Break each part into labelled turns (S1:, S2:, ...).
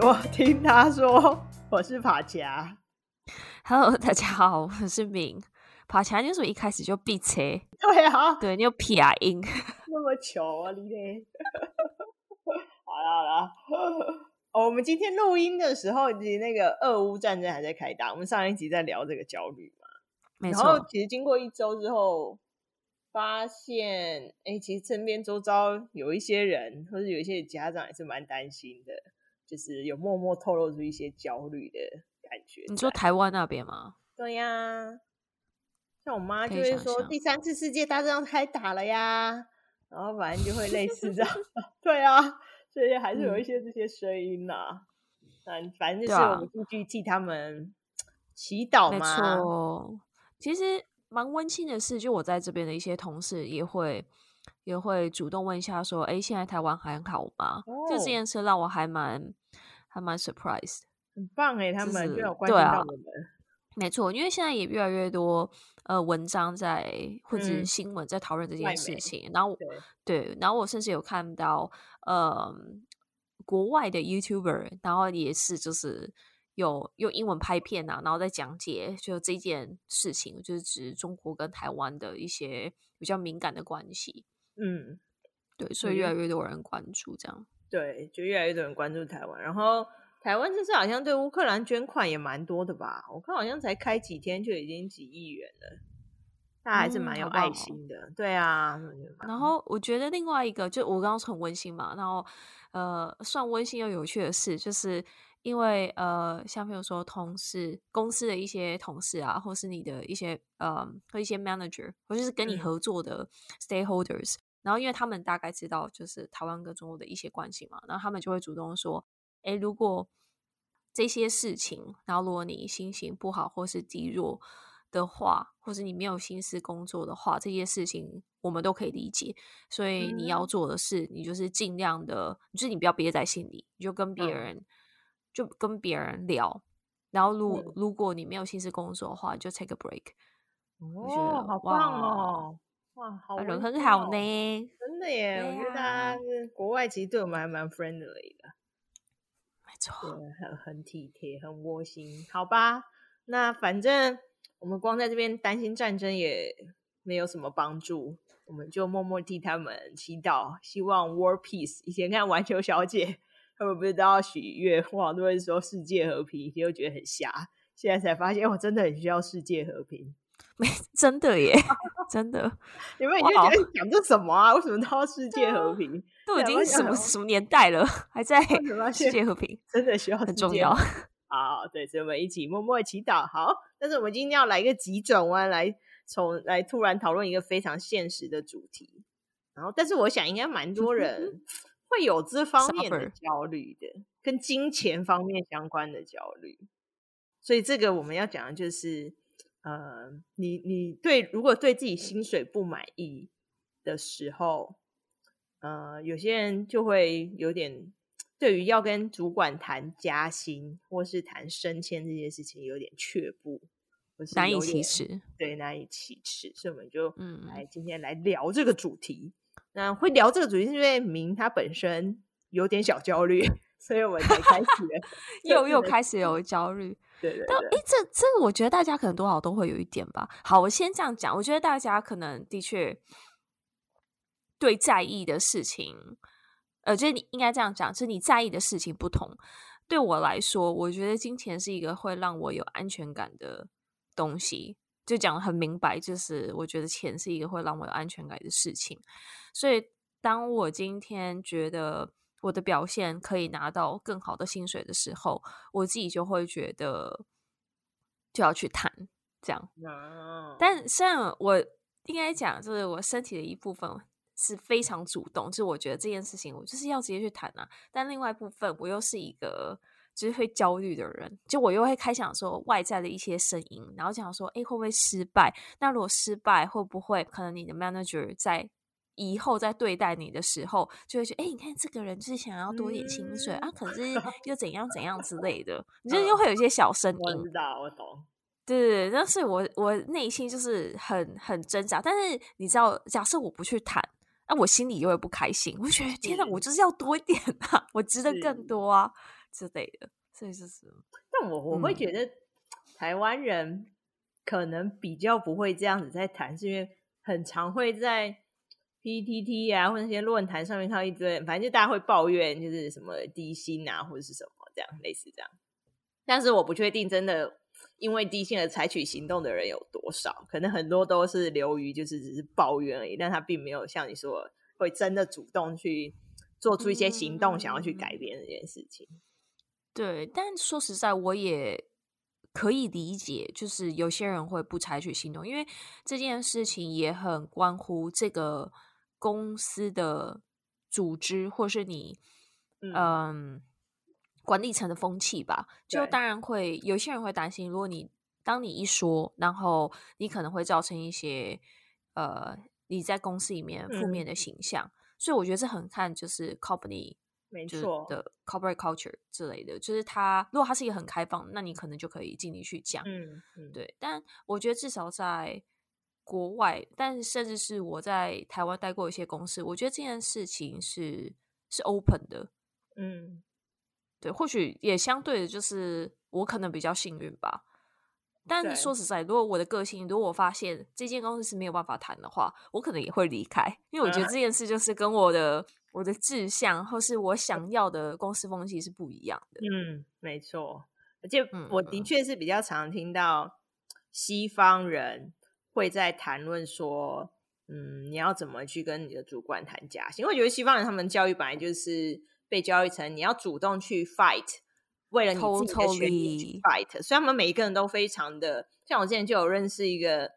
S1: 我聽他說，
S2: 我是爬家 Hello，大家好，我是明爬牆，就是一開
S1: 始就閉嘴。對啊，對，又屁啊音，那麼巧啊！你哈 好啦好啦、哦、我們今天錄音的時候，其實那個俄烏戰爭還在開打，我們上一集在聊這個焦慮嘛。沒錯。然後其實經過一周之後，發現，哎、欸，其實身邊周遭有一些人，或者有一些家長，也是蠻擔心的。就是有默默透露出一些焦慮的感覺。你說台灣那邊嗎？對呀、啊，像我媽就會說，想想第三次世界大戰要開打了呀，然後反正就會類似這樣。 對啊，所以還是有一些這些聲音吶、啊。嗯，反正就是我們繼續替他們祈禱嘛。沒錯，其實蠻溫馨
S2: 的是，就我在這邊的一些同事也會也會主動問一下，說：“哎，現在台灣還好嗎？”就、哦、這件事讓我還蠻。蠻 surprise，
S1: 很棒誒、欸，就是、他們，們對啊，
S2: 沒錯，因為現在也越來越多呃文章在或者是新聞在討論這件事情。嗯、然後對，對，然後我甚至有看到呃、嗯、國外的 YouTuber，然後也是就是有用英文拍片啊，然後在講解就這件事情，就是指中國跟台灣的一些比較敏感的關係。嗯，對，所以越來越多人關注這樣。嗯
S1: 對，就越來越多人關注台灣。然後台灣這次好像對烏克蘭捐款也蠻多的吧？我看好像才開幾天就已經幾億元了，大家還是蠻有愛心的。嗯、對啊。好棒。然後我覺得另外一個，就我剛剛是很溫
S2: 馨嘛。然後呃，算溫馨又有趣的事，就是因為呃，像比如說同事、公司的一些同事啊，或是你的一些呃，和一些 manager 或者是跟你合作的 stakeholders、嗯。然後，因為他們大概知道就是台灣跟中國的一些關係嘛，然後他們就會主動說：“哎，如果這些事情，然後如果你心情不好或是低落的話，或是你沒有心思工作的話，這些事情我們都可以理解。所以你要做的事，你就是盡量的，嗯、就是你不要憋在心裡，你就跟別人、嗯、就跟別人聊。然後如，如、嗯、如果你沒有心思工作的話，就 take a break 我覺得、哦、好
S3: 棒哦！”哇，好熱好呢！真的耶，啊、我覺得他
S1: 國外其實對我們還蠻 friendly 的，沒錯錯，很很體貼，很窩心。好吧，那反正我們光在這邊擔心戰爭也沒有什麼幫助，我們就默默替他們祈禱，希望 world peace。以前看《環球小姐》，他們不是都要許願望，都會說世界和平，就覺得很瞎。現在才發現、欸，我真的很需要世界和平。沒真的耶，真的，你就覺得講這什麼啊？為什麼都要世界和平？都已經什麼什麼年代了，還在世界和平？真的需要很重要。好，對，所以我們一起默默祈禱。好，但是我們今天要來一個急轉彎，來從來突然討論一個非常現實的主題。然後，但是我想應該蠻多人會有這方面的焦慮的，跟金錢方面相關的焦慮。所以，這個我們要講的就是。呃，你你對如果對自己薪水不滿意的時候，呃，有些人就會有點對於要跟主管談加薪或是談升遷這件事情有點卻步，或是難以啟齒，對，難以啟齒，所以我們就來嗯來今天來聊這個主題。那會聊這個主題是因為明他本身有點小焦慮。所以，我才開始 又又開始有焦
S2: 慮， 對對，對，對但、欸、這這個，我覺得大家可能多少都會有一點吧。好，我先這樣講，我覺得大家可能的確對在意的事情，呃，就是你應該這樣講，就是你在意的事情不同。對我來說，我覺得金錢是一個會讓我有安全感的東西，就講的很明白，就是我覺得錢是一個會讓我有安全感的事情。所以，當我今天覺得。我的表現可以拿到更好的薪水的時候，我自己就會覺得就要去談這樣。但雖然我應該講，就是我身體的一部分是非常主動，就是我覺得這件事情我就是要直接去談啊。但另外一部分我又是一個就是會焦慮的人，就我又會開想說外在的一些聲音，然後講說，誒、欸，會不會失敗？那如果失敗，會不會可能你的 manager 在？以後在對待你的時候，就會覺得，哎、欸，你看這個人就是想要多一點薪水，嗯、啊，可是又怎樣怎樣之類的，你、嗯、就是又會有一些小聲音。我知道，我懂。對，但是我我內心就是很很掙扎。但是你知道，假設我不去談，那、啊、我心裡又會不開心。我覺得，嗯、天哪，我就是要多
S1: 一點啊，我值得更多啊是之類的。所以就是，但我我會覺得台灣人可能比較不會這樣子在談，嗯、是因為很常會在。PTT 啊，或者那些論壇上面套一堆，反正就大家會抱怨，就是什麼低薪啊，或者是什麼這樣類似這樣。但是我不確定真的因為低薪而採取行動的人有多少，可能很多都是流於就是只是抱怨而已，但他並沒有像你說會真的主動去做出一些行動，想要去改變這件事情。對，但說實在，
S2: 我也可以理解，就是有些人會不採取行動，因為這件事情也很關乎這個。公司的組織，或是你，嗯、呃，管理層的風氣吧，對就當然會有些人會擔心，如果你當你一說，然後你可能會造成一些，呃，你在公司裡面負面的形象，嗯、所以我覺得這很看就是 company 沒錯的 corporate culture 之類的，就是他，如果他是一個很開放，那你可能就可以盡力去講，嗯嗯，對，但我覺得至少在。國外，但甚至是我在台灣待過一些公司，我覺得這件事情是是 open 的，嗯，對，或許也相對的就是我可能比較幸運吧。但說實在，對如果我的個性，如果我發現這間公司是沒有辦法談的話，我可能也會離開，因為我覺得這件事就是跟我的、嗯、我的志向
S1: 或是我想要的公司風氣是不一樣
S2: 的。嗯，
S1: 沒錯，而且我的確是比較常聽到西方人。會在談論說，嗯，你要怎麼去跟你的主管談加薪，因為我覺得西方人他們教育本來就是被教育成你要主動去 fight，為了你自己的權益去 fight。偷偷去。所以他們每一個人都非常的，像我之前就有認識一個，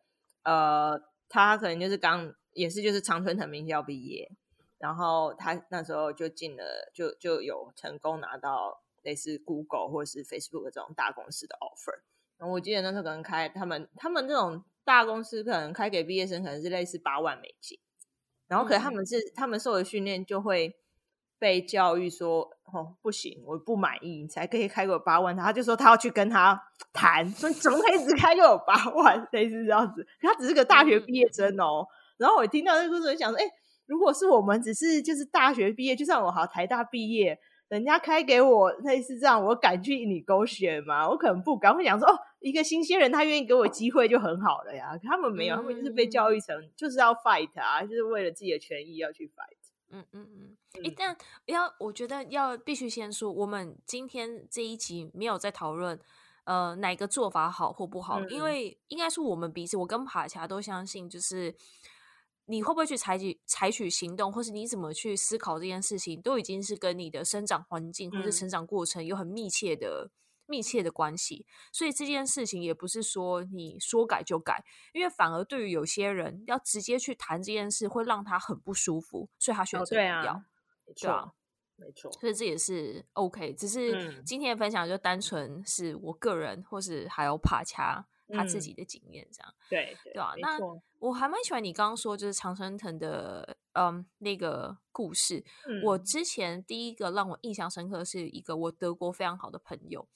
S1: 呃，他可能就是剛也是就是常春藤名校畢業，然後他那時候就進了，就就有成功拿到類似 Google 或是 Facebook 這種大公司的 offer。然後我記得那時候可能開他們他們那種。大公司可能開給畢業生可能是類似八萬美金，然後可能他們是、嗯、他們受的訓練就會被教育說，哦，不行，我不滿意，你才可以開給我八萬。他就說他要去跟他談，說你怎麼可以只開給我八萬，類似這樣子。可他只是個大學畢業生哦。嗯、然後我聽到這個故事，想說，哎，如果是我們只是就是大學畢業，就算我好，台大畢業。人家開給我類似是這樣，我敢去 negotiate 嗎？我可能不敢。我講說哦，一個新鮮人，他願意給我機會就很好了呀。他們沒有，他們就是被教育成、嗯、就是要 fight 啊，就是為了自己的權益要去 fight。嗯嗯嗯。一、嗯、旦、嗯
S2: 欸、要，我覺得要必須先說，我們今天這一集沒有在討論呃哪個做法好或不好，嗯、因為應該是我們彼此，我跟帕恰都相信就是。你會不會去採取採取行動，或是你怎麼去思考這件事情，都已經是跟你的生長環境或者成長過程有很密切的、嗯、密切的關係。所以這件事情也不是說你說改就改，因為反而對於有些人，要直接去談這件事，會讓他很不舒服，所以他選擇不要。沒錯，沒錯。所以這也是 OK。只是今天的分享就單純是我個人，或是還有帕恰他自己的經驗這樣。嗯、對對，對啊，那。我還蠻喜歡你剛剛說就是長生藤的，嗯，那個故事。嗯、我之前第一個讓我印象深刻的是一個我德國非常好的朋友，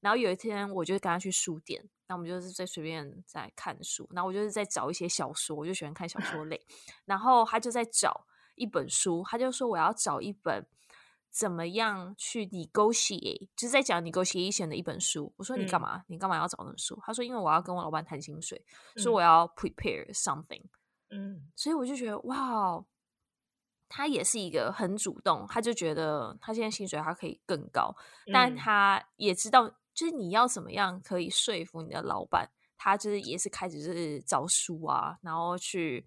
S2: 然後有一天我就跟他去書店，那我們就是在隨便在看書，然後我就是在找一些小說，我就喜歡看小說類，然後他就在找一本書，他就說，我要找一本。怎麼樣去 negotiate？就是在講 negotiation 的一本書。我說，你幹嘛？嗯、你幹嘛要找那本書？他說因為我要跟我老闆談薪水，說、嗯、我要 prepare something。嗯，所以我就覺得哇，他也是一個很主動，他就覺得他現在薪水還可以更高，嗯、但他也知道就是你要怎麼樣可以說服你的老闆，他就是也是開始就是找書啊，然後去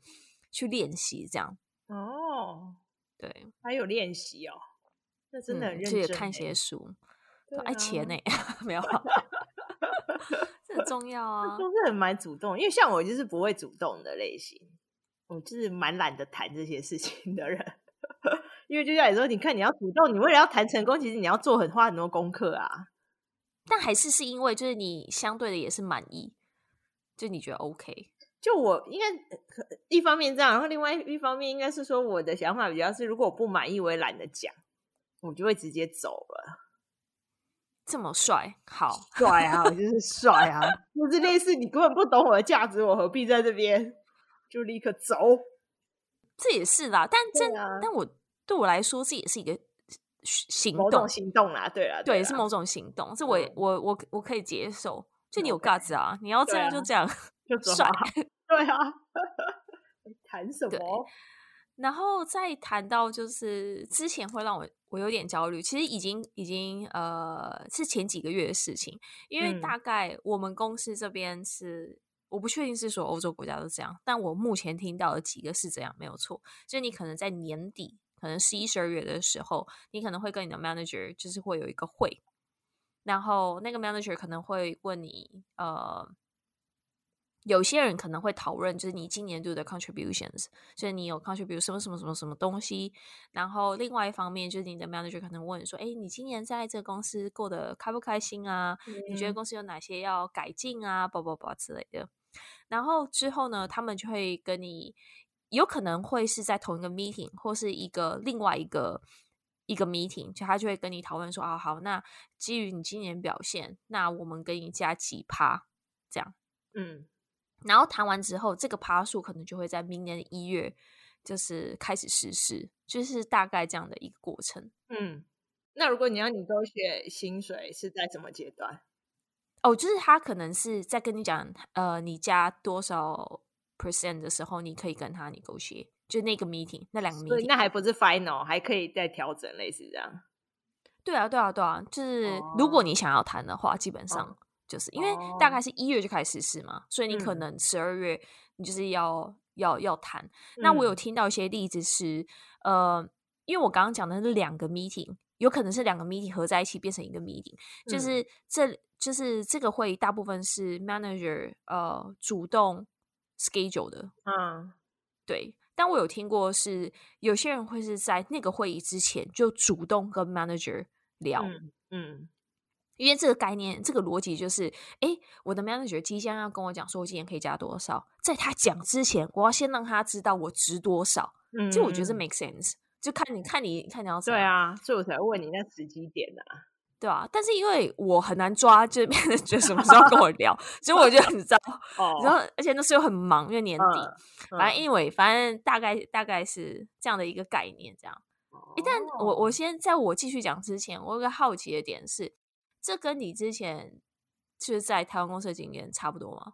S2: 去練習這樣。
S1: 哦，對，還有練習哦。那真的很認真、欸嗯，就也看些書，
S2: 哎、啊，錢呢、欸，
S1: 沒有話？
S2: 這 很重要啊，
S1: 都是很蠻主動，因為像我就是不會主動的類型，我就是蠻懶得談這些事情的人， 因為就像你說，你看你要主動，你為了要談成功，其實你要做很花很多功課啊。但還是是因為就是你相對的也是滿意，就你覺得 OK。就我應該一方面這樣，然後另外一方面應該是說我的想法比較是，如果我不滿意，我也懶得講。我就會直接走了。這麼帥，好帥啊！我就是帥啊，就是、啊、 這是類似你根本不懂我的價值，我何必在這邊？就立刻走。
S2: 這也是啦，但真，啊、
S1: 但我對我來說這也是
S2: 一個行動，某種行動啦、啊，對啊，對，啊對，啊對，是某種行動，這我對我我我可以接受。就你有價值啊，啊你要這樣就這樣就帥。對啊，談、啊 對啊、 什麼？然後再談到，就是之前會讓我我有點焦慮。其實已經已經呃是前幾個月的事情，因為大概我們公司這邊是我不確定是說歐洲國家都是這樣，但我目前聽到的幾個是這樣沒有錯。所以你可能在年底，可能十一十二月的時候，你可能會跟你的 manager 就是會有一個會，然後那個 manager 可能會問你呃。有些人可能會討論，就是你今年度的 contributions，所以你有 contribute 什麼什麼什麼什麼東西。然後另外一方面，就是你的 manager 可能問說：“哎，你今年在這個公司過得開不開心啊？嗯嗯，你覺得公司有哪些要改進啊？”不不不，之類的。然後之後呢，他們就會跟你，有可能會是在同一個 meeting，或是一個另外一個一個 meeting，就他就會跟你討論說：“啊好，那基於你今年表現，那我們給你加幾趴。”這樣，嗯。然後談完之後，這個趴數可能就會在明年一月就是開始實施，就是大概這樣的一個過程。
S1: 嗯，那如果你要你高血薪水是在什麼階段？
S2: 哦，就是他可能是在跟你講，呃，你加多少 percent 的時候，你可以跟他你高血，就那個 meeting 那兩個 meeting，那還不是 final，還可以再調整，類似這樣。對啊，對啊，對啊，就是如果你想要談的話，基本上。哦就是因為大概是一月就開始實施嘛，哦、所以你可能十二月你就是要、嗯、要要談。那我有聽到一些例子是，嗯、呃，因為我剛剛講的是兩個 meeting，有可能是兩個 meeting 合在一起變成一個 meeting，、嗯、就是這就是這個會議大部分是 manager 呃主動 schedule 的，嗯，對。但我有聽過是有些人會是在那個會議之前就主動跟 manager 聊嗯，嗯。因為這個概念，這個邏輯就是，哎，我的 manager 即將要跟我講說，我今年可以加多少？在他講之前，我要先讓他知道我值多少。嗯，就我覺得這 make sense。就看你看你，看你要知道對啊，
S1: 所以我才問你那時機點呢、啊、
S2: 對啊。但是因為我很難抓，這邊的人覺得什麼時候跟我聊， 所以我覺得很糟。哦， 然後、oh. 而且那時候很忙，因為年底，uh, uh. 反正因為反正大概大概是這樣的一個概念，這樣。一旦、oh. 我我先在我繼續講之前，我有個好奇的點是。這跟你之前就是
S1: 在台灣公司的經驗差不多嗎？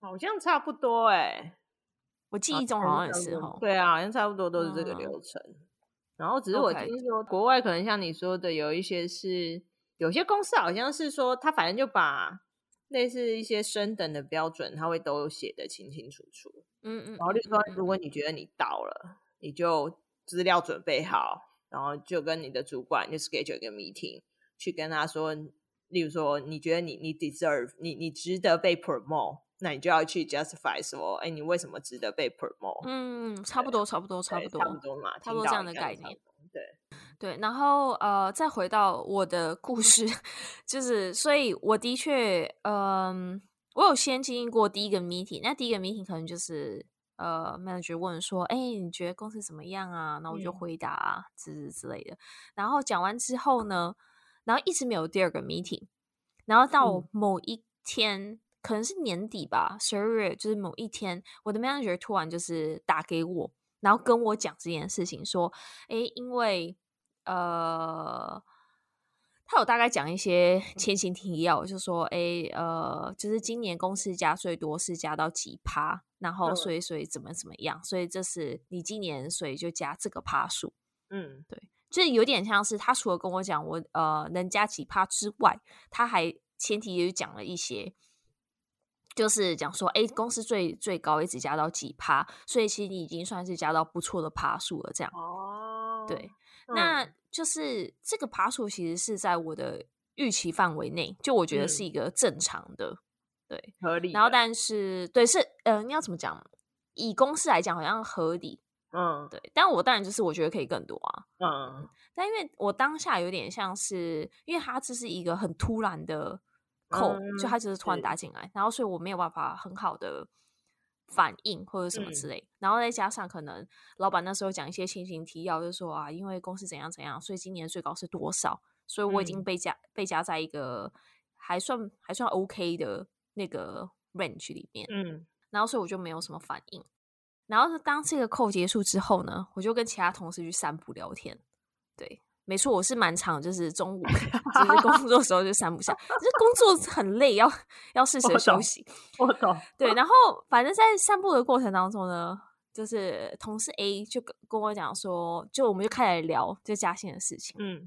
S1: 好像差不多哎、欸，我記憶中好像是對啊，好像差不多都是這個流程。嗯、然後只是我聽說 Okay. 國外可能像你說的，有一些是有些公司好像是說，他反正就把類似一些升等的標準，他會都寫得清清楚楚。
S3: 嗯，嗯嗯，然後就說
S1: 如果你覺得你到了，你就資料準備好，然後就跟你的主管就 schedule 一個 meeting。去跟他說，例如說，你覺得你你 deserve，你你值得被 promote，那你就要去 justify 說哎、欸，你為什麼值得被 promote？
S2: 嗯，差不多，對差不多，對差不多，差不多
S1: 嘛，差不多這樣的概念。
S2: 對對，然後呃，再回到我的故事， 就是，所以我的確，嗯、呃，我有先經過第一個 meeting，那第一個 meeting 可能就是呃，manager 問說，哎、欸，你覺得公司怎麼樣啊？那我就回答之、啊嗯、之類的，然後講完之後呢？然後一直沒有第二個 meeting，然後到某一天，嗯、可能是年底吧，十二月就是某一天，我的 manager 突然就是打給我，然後跟我講這件事情，說：“哎，因為呃，他有大概講一些前情提要，嗯、就說：哎，呃，就是今年公司加最多是加到幾趴，然後所以所以怎麼怎麼樣，所以這是你今年，所以就加這個趴數。
S3: 嗯，對。”
S2: 就有點像是他除了跟我講我呃能加幾趴之外，他還前提也講了一些，就是講說哎、欸、公司最最高一直加到幾趴，所以其實你已經算是加到不錯的趴數了這樣。哦，對，嗯、那就是這個趴數其實是在我的預期範圍內，就我覺得是一個正常的，嗯、對合理。然後但是對是呃你要怎麼講？以公司來講好像合理。嗯，對，但我當然就是我覺得可以更多啊。嗯，但因為我當下有點像是，因為他這是一個很突然的 call，就他只是突然打進來，對然後所以我沒有辦法很好的反應或者什麼之類。嗯、然後再加上可能老板那時候講一些情形提要，就是說啊，因為公司怎樣怎樣，所以今年最高是多少，所以我已經被加、嗯、被加在一個還算還算 OK 的那個 range 裡面。嗯，然後所以我就沒有什麼反應。然後是當這個 call 結束之後呢，我就跟其他同事去散步聊天。對，沒錯，我是蠻常就是中午 就是工作時候就散步下，就 是工作很累，要要適時休息。我懂。我對，然後反正，在散步的過程當中呢，就是同事 A 就跟跟我講說，就我們就開始來聊就加薪的事情。嗯，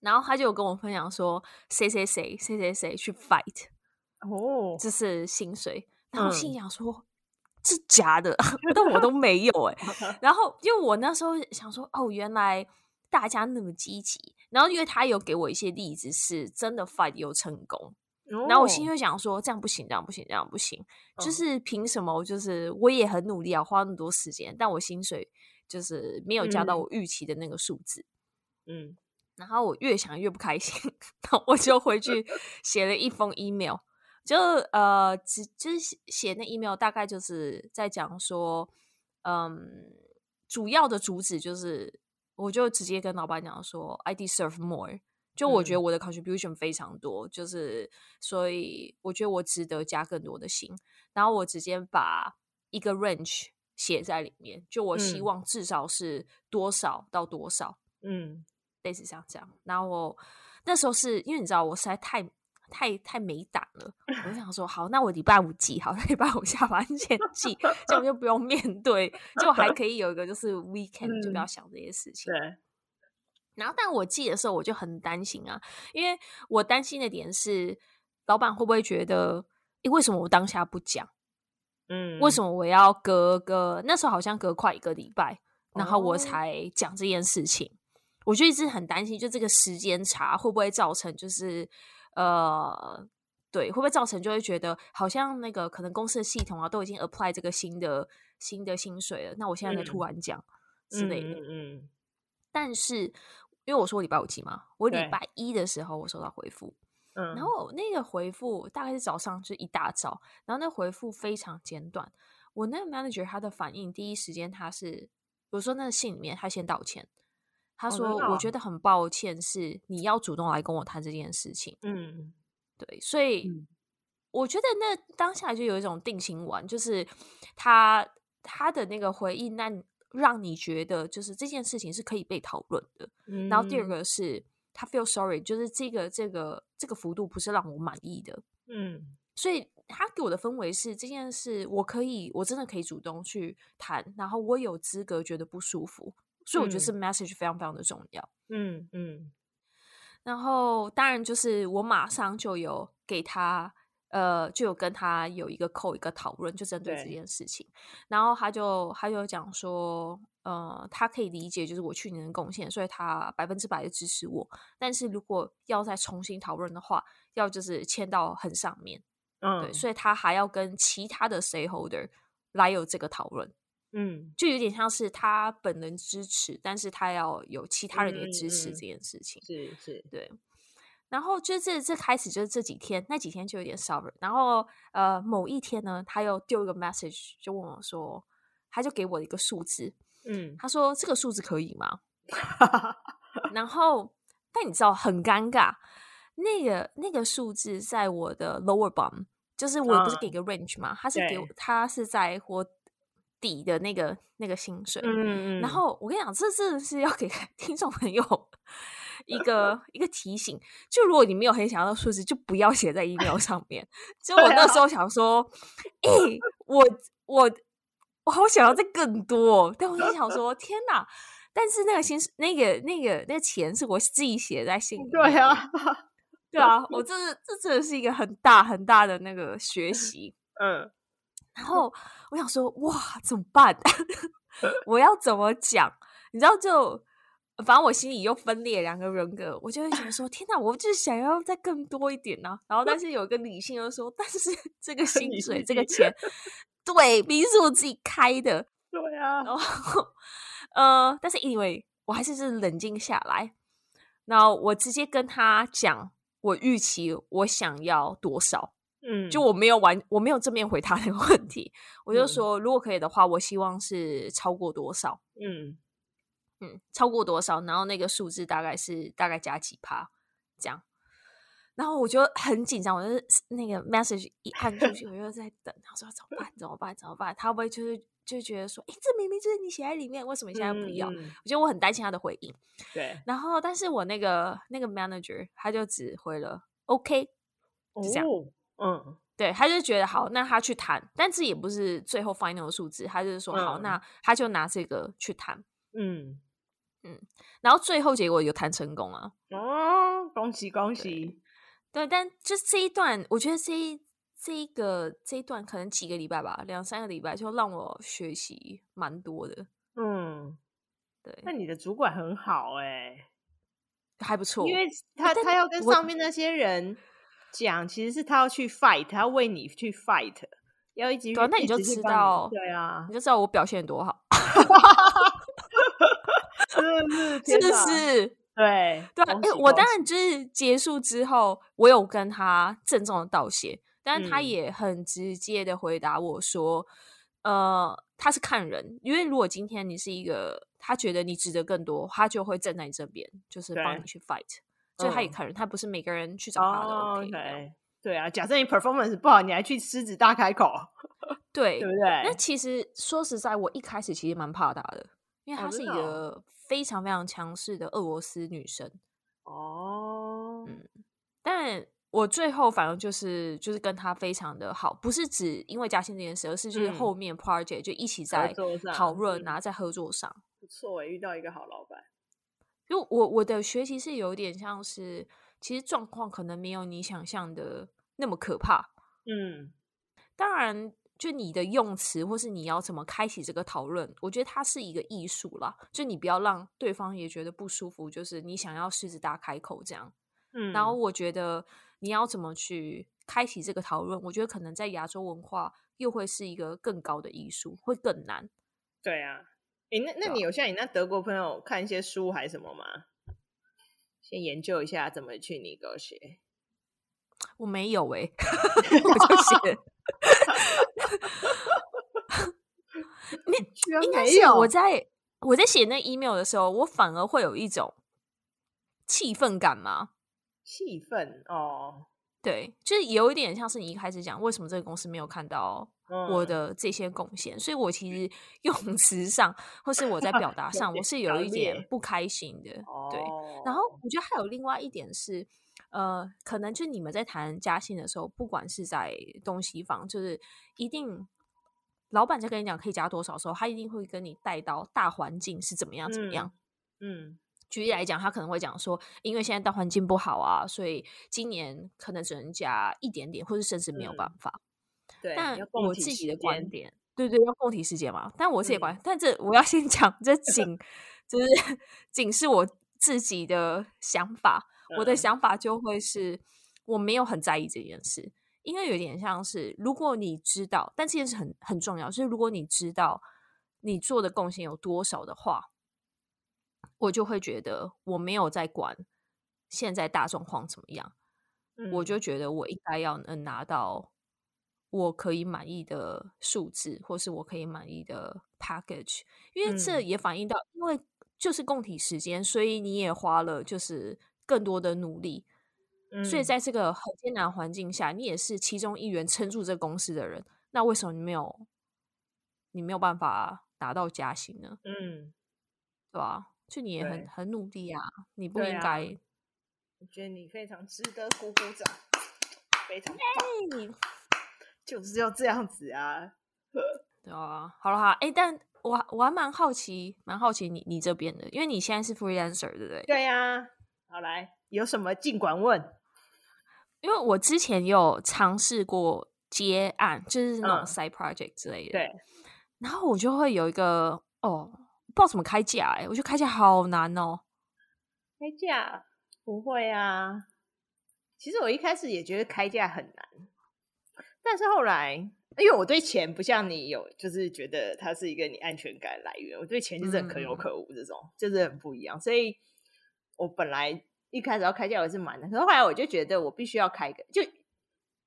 S2: 然後他就有跟我分享說，誰誰誰誰誰誰、誰、誰、誰去 fight 哦，就是薪水。然後心想說。嗯是假的，但我都沒有哎、欸。 Okay. 然後，因為我那時候想說，哦，原來大家那麼積極。然後，因為他有給我一些例子，是真的 fight 又成功。Oh. 然後，我心裡就想說，這樣不行，這樣不行，這樣不行。就是憑什麼？就是我也很努力、啊，要花那麼多時間，但我薪水就是沒有加到我預期的那個數字。嗯，然後我越想越不開心，然後我就回去寫了一封 email。 就呃，只就是寫那 email，大概就是在講說，嗯，主要的主旨就是，我就直接跟老闆講說，I deserve more。就我覺得我的 contribution 非常多，嗯、就是所以我覺得我值得加更多的薪。然後我直接把一個 range 寫在裡面，就我希望至少是多少到多少，嗯，類似像這樣。然後我那時候是因為你知道，我實在太。太太沒膽了，我想說，好，那我禮拜五記，好，禮拜五下班前記， 這樣我就不用面對，就還可以有一個就是 weekend 就不要想這些事情。嗯、對。然後，但我記的時候，我就很擔心啊，因為我擔心的點是，老闆會不會覺得，為什麼我當下不講？
S3: 嗯，為
S2: 什麼我要隔個那時候好像隔快一個禮拜，然後我才講這件事情？哦、我就一直很擔心，就這個時間差會不會造成就是。呃，對，會不會造成就會覺得好像那個可能公司的系統啊都已經 apply 這個新的新的薪水了，那我現在在突然講、
S3: 嗯、之類的。嗯，嗯，
S2: 嗯，但是，因為我說我禮拜五寄嘛，我禮拜一的時候我收到回復，嗯對，然後那個回復大概是早上就一大早，嗯、然後那回復非常簡短。我那個 manager 他的反應第一時間他是，我說那個信裡面他先道歉。
S3: 他說：“ oh, no. 我覺得
S2: 很抱歉，是你要主動來跟我談這件事情。”嗯，對，所以我覺得那當下就有一種定心丸，就是他他的那個回應，讓讓你覺得就是這件事情是可以被討論的。Mm. 然後第二個是他 feel sorry，就是這個這個這個幅度不是讓我滿意的。嗯，mm. 所以他給我的氛圍是這件事我可以我真的可以主動去談，然後我有資格覺得不舒服。所以我覺得是 message 非常非常的重要。嗯嗯，嗯，然後當然就是我馬上就有給他，呃，就有跟他有一個 call、一個討論，就針對這件事情。對然後他就他就講說，呃，他可以理解就是我去年的貢獻，所以他百分之百的支持我。但是如果要再重新討論的話，要就是簽到很上面，嗯，對，所以他還要跟其他的 stakeholder 來有這個討論。嗯，就有點像是他本人支持，但是他要有其他人的支持，嗯嗯嗯，這件事情。是是，對。然後就這這開始就是這幾天，那幾天就有點 sorry、er,。然後呃，某一天呢，他又丟一個 message，就問我說，他就給我一個數字，嗯，他說這個數字可以嗎？ 然後，但你知道很尷尬，那個那個數字在我的 lower bound 就是我也不是給一個 range 嘛。那他是給我，對他是在或。底的那個那個薪水，嗯、然後我跟你講，這真的是要給聽眾朋友一個， 一個一個提醒，就如果你沒有很想要的數字，就不要寫在 email 上面。 就我那時候想說，咦、啊欸，我我我好想要再更多，但我就想說，天哪！但是那個薪那個那個那個錢，是我自己寫在信裡，對啊，
S1: 對啊，我這
S2: 這真的是一個很大很大的那個學習，嗯。然後我想說，哇，怎麼辦？ 我要怎麼講？你知道就，就反正我心裡又分裂兩個人格，我就會想說，天哪，我就是想要再更多一點呢、啊。然後，但是有一個理性就說，但是這個薪水， 這個錢，對，明明是我自己開的，對呀、啊。然後，呃，但是因為我還是是冷靜下來，然後我直接跟他講，我預期我想要多少。嗯，就我沒有完，嗯、我沒有正面回答那個問題，我就說如果可以的話，我希望是超過多少？嗯嗯，超過多少？然後那個數字大概是大概加幾趴這樣。然後我就很緊張，我就是那個 message 一按出去，我又在等。 然後說怎麼辦？怎麼辦？怎麼辦？他不會就是就覺得說，誒，這明明就是你寫在裡面，為什麼你現在不要？嗯、我覺得我很擔心他的回應。對。然後，但是我那個那個 manager 他就只回了 OK，就這樣。哦嗯，對，他就覺得好，那他去談，但是也不是最後 final 數字，他就是說好，嗯、那他就拿這個去談，嗯嗯，然後最後結果有談成功啊，哦，恭喜恭喜，對！對，但就這一段，我覺得這一這一個這一段可能幾個禮拜吧，兩三個禮拜就讓我學
S1: 習蠻多的，嗯，對，那你的主管很好哎、欸，還不錯，因為他、欸、他要跟上面那些人。講，其實是他要去 fight，他要為你去 fight，要一直、對啊、一直，那你就知道，對啊，你就知道我表現多好，真的是，真的是，
S2: 是，對對，我當然就是結束之後，我有跟他鄭重的道謝，但是他也很直接的回答我說，嗯、呃，他是看人，因為如果今天你是一個他覺得你值得更多，他就會站在你這邊，就是幫你去 fight。嗯、所以他也看人，他不是每個人去找他的。OK，
S1: 對啊。假設你 performance 不好，你還去獅子大開口， 對，對不對？那其實說
S2: 實在，我一開始其實蠻怕他的，
S1: 因為她是一個
S2: 非常非常強勢的俄羅斯女生。哦，oh, okay. 嗯，但我最後反而就是就是跟她非常的好，不是指因為加薪這件事，而是就是後面 project、嗯、就一起在討論，然後在合作上。
S1: 不錯誒，遇到一個好老闆。
S2: 就我我的學習是有點像是，其實狀況可能沒有你想象的那麼可怕。嗯，當然，就你的用詞或是你要怎麼開啟這個討論，我覺得它是一個藝術啦。就你不要讓對方也覺得不舒服，就是你想要獅子大開口這樣。
S3: 嗯，然後我
S2: 覺得你要怎麼去
S1: 開啟這個討論，我覺得可能在亞洲文化又會是一個更高的藝術，會更難。對啊。哎、欸，那那你有像你那德國朋友看一些書還是什麼嗎？先研究一下怎麼去 negotiate。
S2: 我沒有哎、
S1: 欸，我就寫。你沒有？應該是我在
S2: 我在寫那 email 的時候，我反而會有一種氣憤感嘛。
S1: 氣憤，哦。
S2: 對，就是有一點像是你一開始講，為什麼這個公司沒有看到我的這些貢獻？嗯、所以我其實用詞上， 或是我在表達上，我是有一點不開心的。嗯、對，然後我覺得還有另外一點是，哦、呃，可能就你們在談加薪的時候，不管是在東西方，就是一定老闆在跟你講可以加多少的時候，他一定會跟你帶到大環境是怎麼樣怎麼樣。嗯。嗯舉例來講，他可能會講說，因為現在大環境不好啊，所以今年可能只能加一點點，或者甚至沒有辦法。對、嗯，但我自己的觀點，對對，要共體時艱嘛？但我自己觀，嗯、但這我要先講，這僅 就是僅是我自己的想法。嗯、我的想法就會是我沒有很在意這件事，因為有點像是，如果你知道，但這件事很很重要，就是如果你知道你做的貢獻有多少的話。我就會覺得我沒有在管現在大狀況怎麼樣，我就覺得我應該要能拿到我可以滿意的數字，或是我可以滿意的 package，因為這也反映到，因為就是共體時艱，所以你也花了就是更多的努力，所以在這個很艱難環境下，你也是其中一員，撐住這個公司的人，那為什麼你沒有你沒有辦法達到加薪呢？嗯，對吧？就你也很對很努力呀、啊，你不應該、啊。
S1: 我覺得你非常值得鼓鼓掌，非常棒，欸、就是要這樣子啊！
S2: 對啊，好了哈，哎、欸，但我我還蠻好奇，蠻好奇你你這邊的，因為你現在是 freelancer，對不對？對呀、啊，好來，有什麼儘管問。因為我之前有嘗試過接案，就是那種 side project 之類的，嗯、對。然後我就會有一個哦。不知道怎麼開價哎、欸，我覺得開價好難哦、喔。
S1: 開價不會啊，其實我一開始也覺得開價很難，但是後來因為我對錢不像你有，就是覺得它是一個你安全感來源。我對錢就是很可有可無這種，嗯、就是很不一樣。所以，我本來一開始要開價我是蠻難，可是後來我就覺得我必須要開個，就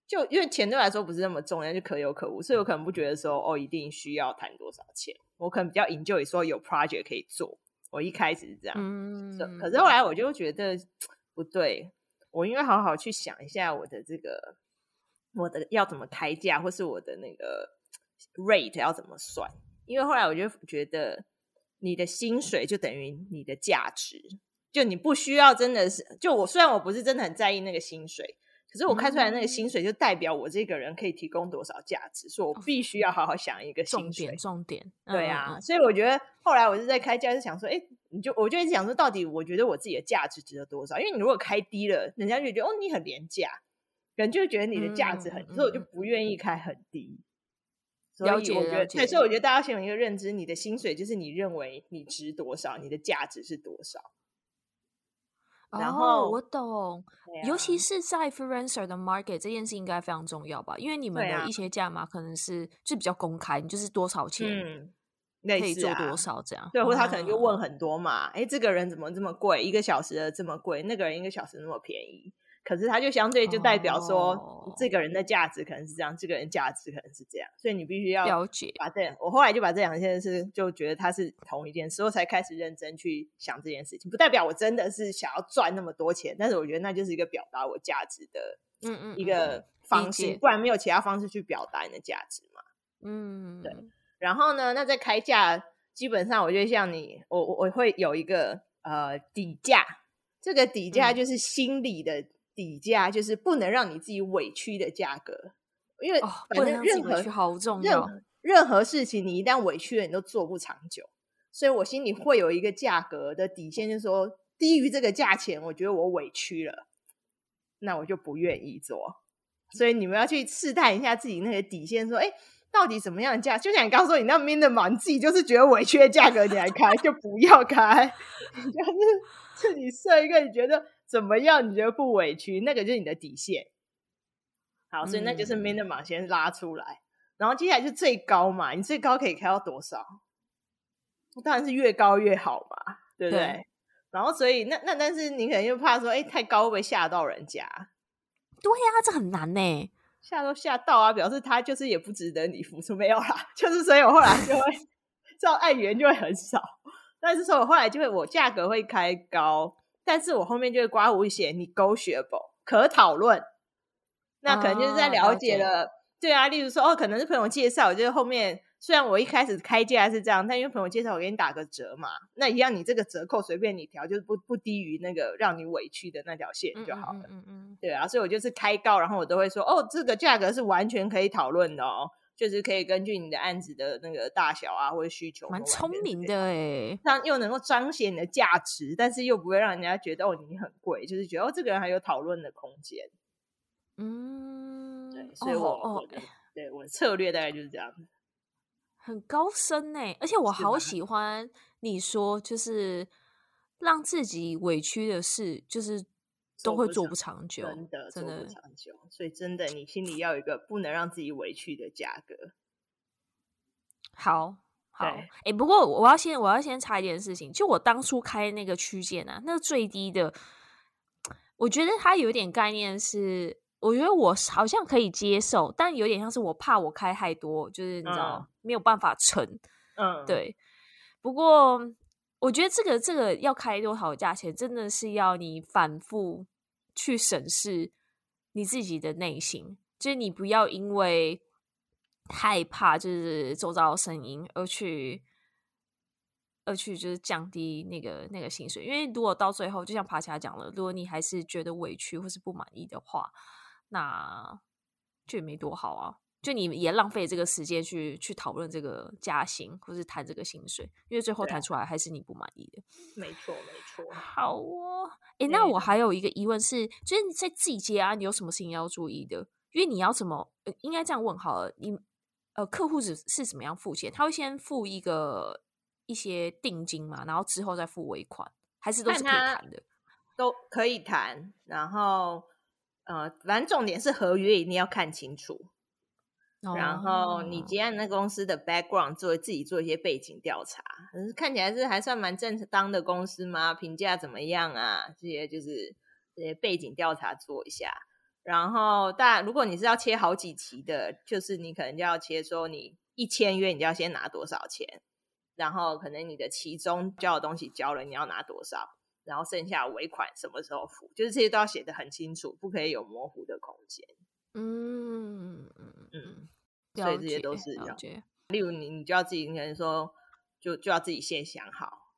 S1: 就因為錢對我來說不是那麼重要，就可有可無，所以我可能不覺得說哦，一定需要談多少錢。我可能比較 enjoy 說有 project 可以做，我一開始是這樣，嗯、可是後來我就覺得不對，我應該好好去想一下我的這個，我的要怎麼開價，或是我的那個 rate 要怎麼算，因為後來我就覺得你的薪水就等於你的價值，就你不需要真的是，就我雖然我不是真的很在意那個薪水，可是我開出來那個薪水，就代表我這個人可以提供多少價值，所以我必須要好好想一個薪水。重點，啊、重點，對、嗯、啊。所以我覺得後來我是在開價，是想說，哎、欸，你就我就一直想說，到底我覺得我自己的價值值得多少？因為你如果開低了，人家就覺得哦你很廉價，人就覺得你的價值很低，嗯嗯、所以我就不願意開很低。了解，
S2: 所以我覺得，了解。對，
S1: 所以我覺得大家先有一個認知，你的薪水就是你認為你值多少，你的價值是多少。
S2: 然後哦，我懂，啊、尤其是在 freelancer 的 market 這件事應該非常重要吧？因為你們的一些價碼，可能是、啊、就比較公開，就是多少錢，嗯，
S1: 可以做多少、
S2: 嗯啊、這樣。對，或者他可
S1: 能就問很多嘛，Wow 誒，這個人怎麼這麼貴？一個小時的這麼貴，那個人一個小時那麼便宜。可是它就相對就代表說，這個人的價值可能是這樣、哦、這個人的價值可能是這樣，這個人價值可能是這樣，所以你必須要了解。把這我後來就把這兩件事就覺得它是同一件事，我才開始認真去想這件事情。不代表我真的是想要賺那麼多錢，但是我覺得那就是一個表達我價值的嗯一個方式，嗯嗯嗯不然沒有其他方式去表達你的價值嘛。嗯，對。然後呢，那在開價基本上我覺得像你，我我會有一個呃底價，這個底價就是心理的。嗯底價就是不能讓你自己委屈的價格，因為反正任何、哦、不能讓自己委屈好重要，任何，任何事情你一旦委屈了，你都做不長久。所以我心裡會有一個價格的底線就是，就說低於這個價錢，我覺得我委屈了，那我就不願意做。所以你們要去試探一下自己那個底線說，說、欸、哎，到底什麼樣的價？就像你剛說你那 min 的嘛，你自己就是覺得委屈的價格，你還開 就不要開， 你就是自己設一個你覺得。怎麼樣？你覺得不委屈？那個就是你的底線。好，所以那就是 minimum 先拉出來，然後接下來就最高嘛。你最高可以開到多少？當然是越高越好嘛，對不對？對，然後所以那那但是你可能又怕說，哎、欸，太高會不會嚇到人家？
S2: 對呀、啊，這很難呢、欸，
S1: 嚇都嚇到啊！表示他就是也不值得你付出，沒有啦。就是所以我後來就會照 按原就會很少，但是說我後來就會我價格會開高。但是我後面就會刮鬍一些，你勾學不，可討論，
S3: 那可能就是在了解
S1: 了。對啊，例如說哦，可能是朋友介紹，我就是後面雖然我一開始開價是這樣，但因為朋友介紹，我給你打個折嘛，那一樣，你這個折扣隨便你調，就是不不低於那個讓你委屈的那條線就好了，嗯嗯，嗯嗯嗯，對啊，所以我就是開高，然後我都會說，哦，這個價格是完全可以討論的哦。就是可以根據你的案子的那個大小啊，或者需求，蠻聰明的誒，讓又能夠彰顯你的價值，但是又不會讓人家覺得哦，你很貴，就是覺得哦，這個人還有討論的空間。嗯，對，所以我我的
S3: 對
S1: 我的策略大概就是這樣子。很高深
S2: 呢，而且我好喜歡你說，就是讓自己委屈的事，就是。都會做不長久，長久真的，真的，
S1: 所以真的你心裡要有一個不能讓自己委屈的價格。
S2: 好好，哎對、欸，不過我要先我要先插一件事情，就我當初開那個區間啊，那個最低的，我覺得它有點概念是，我覺得我好像可以接受，但有點像是我怕我開太多，就是你知道、嗯、沒有辦法存，嗯，對。不過。我覺得這個這個要開多少價錢，真的是要你反覆去審視你自己的內心，就是你不要因為害怕就是周遭的聲音而去，而去就是降低那個那個薪水，因為如果到最後就像爬起來講了，如果你還是覺得委屈或是不滿意的話，那就也沒多好啊。就你也浪費這個時間去去討論這個加薪或是談這個薪水，因為最後談出來還是你不滿意的。
S1: 沒錯，沒錯。沒
S2: 錯，好哦，欸、對那我還有一個疑問是，就是你在自己接啊，你有什麼事情要注意的？因為你要怎麼，呃、應該這樣問好了。你呃，客戶是是怎麼樣付錢？他會先付一
S1: 個一些定金嘛，然後之後再付尾款，還是都是可以談的？都可以談。然後呃，反正重點是合約一定要看清楚。然後你今天那公司的 background 作為自己做一些背景調查，可是看起來是還算蠻正當的公司嗎？評價怎麼樣啊？這些就是這些背景調查做一下。然後大，如果你是要切好幾期的，就是你可能就要切說，你一簽約你就要先拿多少錢，然後可能你的其中交的東西交了你要拿多少，然後剩下尾款什麼時候付，就是這些都要寫得很清楚，不可以有模糊的空間。嗯。所以這些都是這樣，解例如你你就要自己，可能說就就要自己先想好，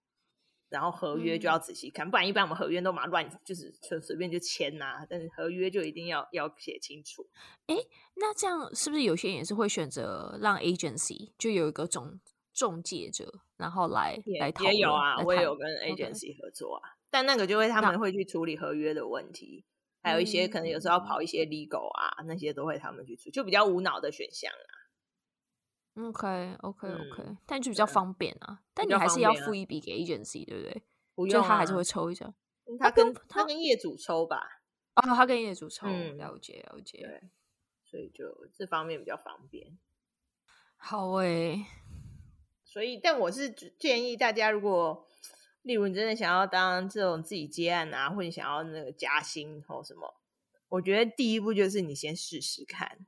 S1: 然後合約就要仔細看，嗯、不然一般我們合約都蠻亂，就是隨隨便就簽吶、啊。但是合約就一定要要寫清楚。哎、
S2: 欸，那這樣是不是有些人也是會選擇讓 agency 就有一個總
S1: 中介者，然後來也來也有啊，談我也有跟 agency 合作啊，Okay. 但那個就會他們會去處理合約的問題。還有一些可能有時候要跑一些 legal 啊，那些都會他們去出，就比較無腦的選項啊。
S2: OK OK OK，但就比較方便啊。但你還是要付一
S1: 筆給 agency，對不對？
S2: 不用，他還是會抽一下。他
S1: 跟他跟業主抽吧。哦，他跟業主抽。了解了解。對，所以就這方面比較方便。好誒，所以但我是建議大家如果。例如，你真的想要當這種自己接案啊，或者想要那個加薪，或什麼，我覺得第一步就是你先試試看，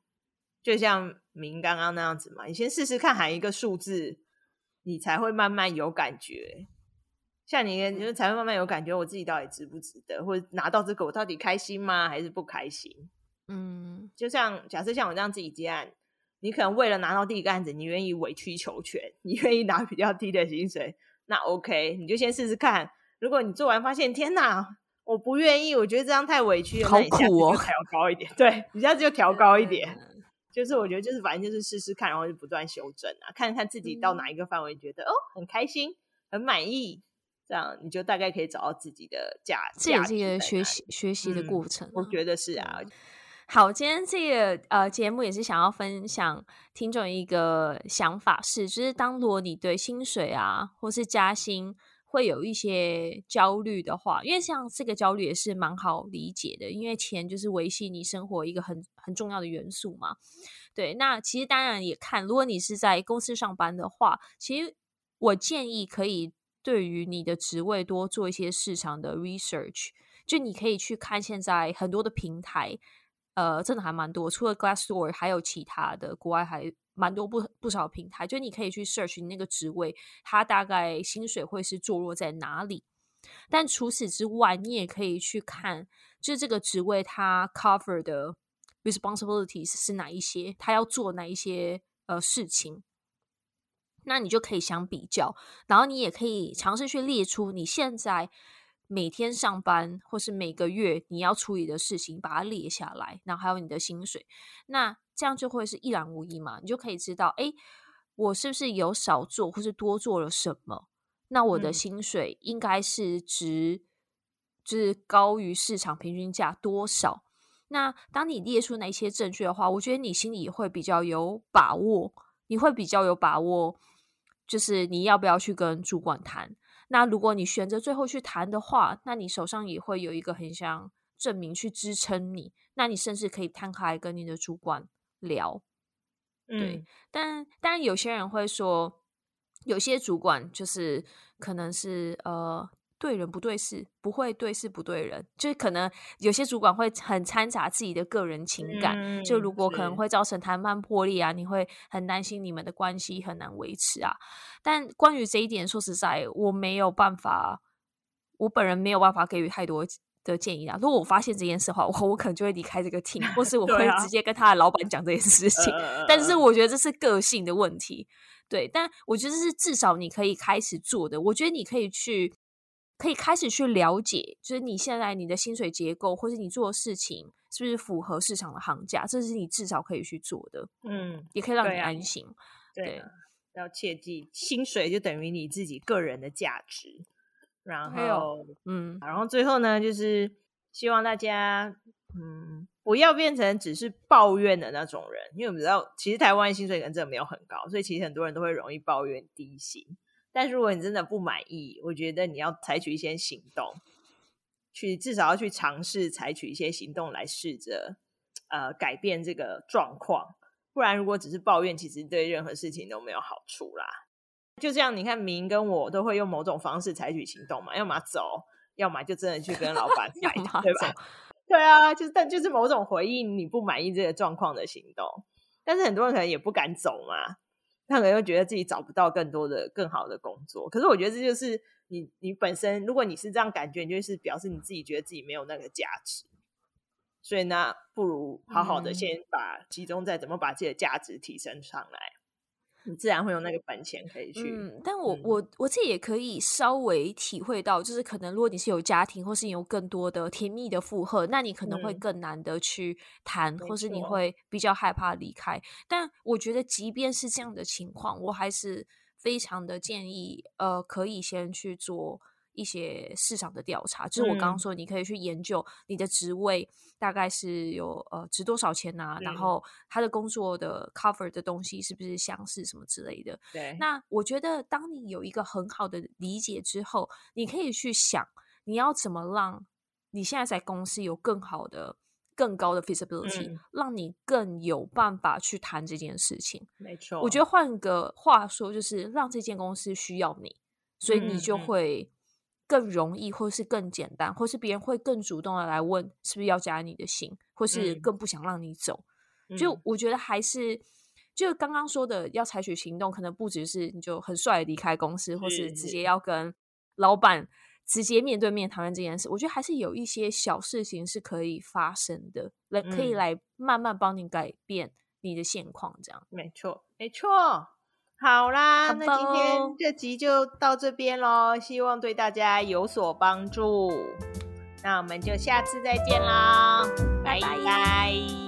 S1: 就像明剛剛那樣子嘛，你先試試看，喊一個數字，你才會慢慢有感覺。像你，你就才會慢慢有感覺，我自己到底值不值得，或者拿到這個我到底開心嗎，還是不開心？嗯，就像假設像我這樣自己接案，你可能為了拿到第一個案子，你願意委曲求全，你願意拿比較低的薪水。那 OK，你就先試試看。如果你做完發現，天哪，我不願意，我覺得這樣太委屈，好苦哦！調高一點，對，你下次就調高一點。嗯、就是我覺得，就是反正就是試試看，然後就不斷修正啊，看看自己到哪一個範圍，覺得、嗯、哦很開心、很滿意，這樣你就大概可以找到自己的價值。這也是一個學
S2: 習、學習的過程、嗯。我
S1: 覺得是啊。好，今天這個
S2: 呃節目也是想要分享聽眾一個想法是，是就是，當如果你對薪水啊或是加薪會有一些焦慮的話，因為像這個焦慮也是蠻好理解的，因為錢就是維繫你生活一個很很重要的元素嘛。對，那其實當然也看，如果你是在公司上班的話，其實我建議可以對於你的職位多做一些市場的 research，就你可以去看現在很多的平台。呃，真的還蠻多，除了 Glassdoor，還有其他的國外還蠻多不不少平台。就你可以去 search 你那個職位，它大概薪水會是坐落在哪裡。但除此之外，你也可以去看，就是這個職位它 cover 的 responsibilities 是哪一些，它要做哪一些呃事情。那你就可以相比較，然後你也可以嘗試去列出你現在。每天上班，或是每個月你要處理的事情，把它列下來，然後還有你的薪水，那這樣就會是一覽無遺嘛？你就可以知道，哎、欸，我是不是有少做或是多做了什麼？那我的薪水應該是值，嗯、就是高於市場平均價多少？那當你列出那些證據的話，我覺得你心裡會比較有把握，你會比較有把握，就是你要不要去跟主管談？那如果你選擇最後去談的話，那你手上也會有一個很像證明去支撐你，那你甚至可以攤開跟你的主管聊。
S3: 對，嗯。
S2: 但但有些人會說，有些主管就是可能是呃。對人不對事，不會對事不對人，就可能有些主管會很摻雜自己的個人情感，嗯、就如果可能會造成談判破裂啊，是你會很擔心你們的關係很難維持啊。但關於這一點，說實在，我沒有辦法，我本人沒有辦法給予太多的建議啊。如果我發現這件事的話，我我可能就會離開這個 team， 啊、或是我會直接跟他的老闆講這件事情。但是我覺得這是個性的問題，對，但我覺得這是至少你可以開始做的，我覺得你可以去。可以開始去了解，就是你現在你的薪水結構，或是你做事情是不是符合市場的行價，這是你至少可以去做的。
S1: 嗯，也可以讓你安心。對，要切記薪水就等於你自己個人的價值。然後，哎、嗯，然後最後呢，就是希望大家，嗯，不要變成只是抱怨的那種人，因為我們知道其實台灣薪水可能真的沒有很高，所以其實很多人都會容易抱怨低薪。但是如果你真的不滿意，我覺得你要採取一些行動，去至少要去嘗試採取一些行動來試着呃改變這個狀況。不然如果只是抱怨，其實對任何事情都沒有好處啦。就這樣，你看明跟我都會用某種方式採取行動嘛，要麼走，要麼就真的去跟老闆 對吧？ 對啊，就是但就是某種回應你不滿意這個狀況的行動。但是很多人可能也不敢走嘛。他可能又覺得自己找不到更多的、更好的工作，可是我覺得這就是你，你本身如果你是這樣感覺，你就是表示你自己覺得自己沒有那個價值，所以呢，不如好好的先把集中在怎麼把自己的價值提升上來。嗯很自然會有那個本錢可以去，嗯、
S2: 但我我我自己也可以稍微體會到，嗯、就是可能如果你是有家庭或是你有更多的甜蜜的負荷，那你可能會更難的去談，嗯、或是你會比較害怕離開。沒錯。但我覺得，即便是這樣的情況，我還是非常的建議，呃，可以先去做。一些市場的調查，就是我剛剛說，你可以去研究你的職位大概是有呃值多少錢啊，嗯，然後他的工作的 cover 的東西是不是相似什麼之類的？對。那我覺得，當你有一個很好的理解之後，你可以去想，你要怎麼讓你現在在公司有更好的、更高的 visibility，嗯，讓你更有辦法去談這件事情。沒錯。我覺得換個話說，就是讓這間公司需要你，
S3: 所以你就會，
S2: 嗯。嗯更容易，或是更簡單，或是別人會更主動的來問是不是要加你的薪，或是更不想讓你走。嗯、就我覺得還是，就剛剛說的要採取行動，可能不只是你就很帥離開公司，或是直接要跟老闆直接面對面談論這件事。是是是，我覺得還是有一些小事情是可以發生的，來、嗯、可以來慢慢幫你改變你的現況，這樣沒錯，沒錯。
S1: 好啦，啊、那今天這集就到這邊嘍，希望對大家有所幫助。那我們就下次再見啦，拜拜。拜拜。